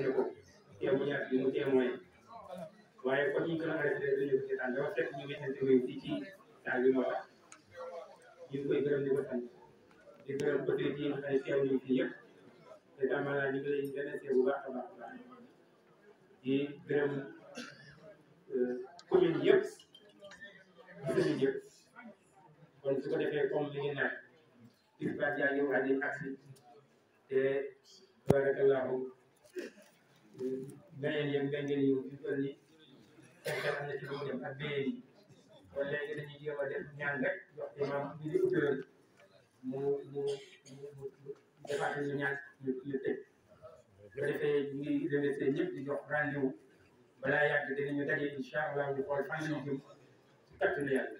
ne ko teewu ñaar bi mu témoin waaye kon ñu gën a arrêté dañu ko seetaan dafa fekk ñu ngi interview fii ci taal bi moo tax ñu ngi koy gërëm di ko sant di gërëm côté bii nga xam ne teew nañu fii yëpp te damaa ñu ngi lay remercier bu baax a baax a baax di gërëm commune yëpp commune yëpp kon su ko defee comme li ngeen naan Isbaa Dia ñëw àndi ak si te barakallahu beneen yëpp beneen yëpp yu toll nii fekk am na ci lu mu dem ak beneen yi kon léegi dañuy jéem a def ñaan rek jox imam bi ñu ubbiwoon mu mu mu defaat ñu ñaan ñu ñu tëj bu defee ñu ngi remercier ñëpp di jox rendez-vous balaa yàgg dinañu daje incha allah ñu xool fan lañu jëm ci kàttanu yàlla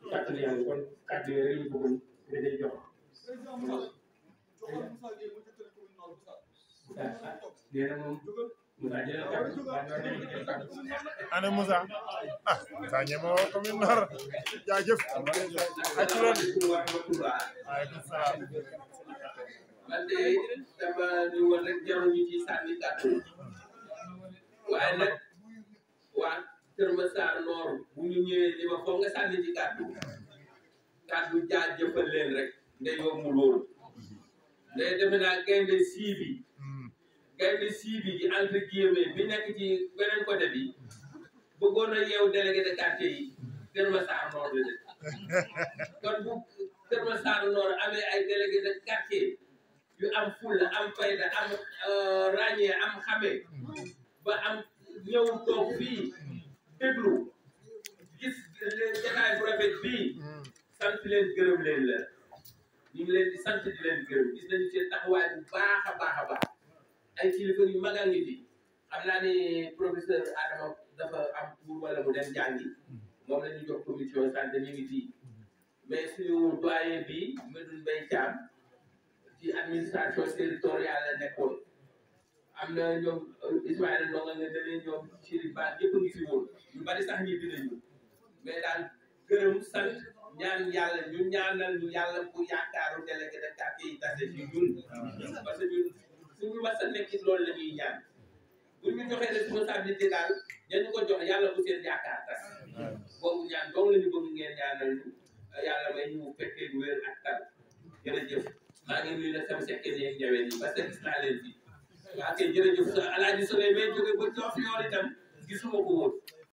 ci kàttanu yàlla kon kàddu yooyu rek ñu bëggoon nga day jox. ana Moussa ah saa ñemoo commune Nord jaajëf aci leen waaleykum salaam man de dama ñu war rek jarul waaye nag waa Kër Massar Nord bu ni ma foog nga sànni ci kàddu kàddu jaajëfal leen rek nday yomb loolu nday defe naa gaynde sii siibi gi entre guillemets bi nekk ci beneen côté bi bëggoon na yeew délégué de quartier yi Kër Massar Nord de kon bu Kër Massar Nord amee ay délégué de quartier am fulla am fayda am euh, ràññee am xame ba am ñëw toog fii déglu gis jataay bu rafet bii sant leen gërëm leen la ñu ngi leen di leen gërëm gis nañu seen taxawaay bu baax a baax a baax ay kilifa yu mag a ngi fi xam naa ne professeur Adama dafa am pour wala mu dem jàngi moom la ñu jox commission santé mi ngi fii mais suñu doyen bi Medoune Mbaye Thiam ci administration territoriale la nekkoon am na ñoom euh, Ismaïla Ndonga nga demee ñoom Chérif Ba yëpp ngi fi woon ñu bari sax ñi dinañu mais daal gërëm sant ñaan yàlla ñu ñaanal ñu yàlla bu yaakaaru délégué de quartier yi tase ci ñun mas a nekk loolu la ñuy ñaan bu ñu joxee responsabilité daal dañu ko jox yàlla bu seen yaakaar tas boobu ñaan yàlla may ñu fekkee bu wér ak tal jërëjëf maa ngi nuyu nag sama sekkee neeg njaween yi parce que gis naa leen fi waa kay jërëjëf sa alaaji Souley may jóge ba Diofior itam gisuma ko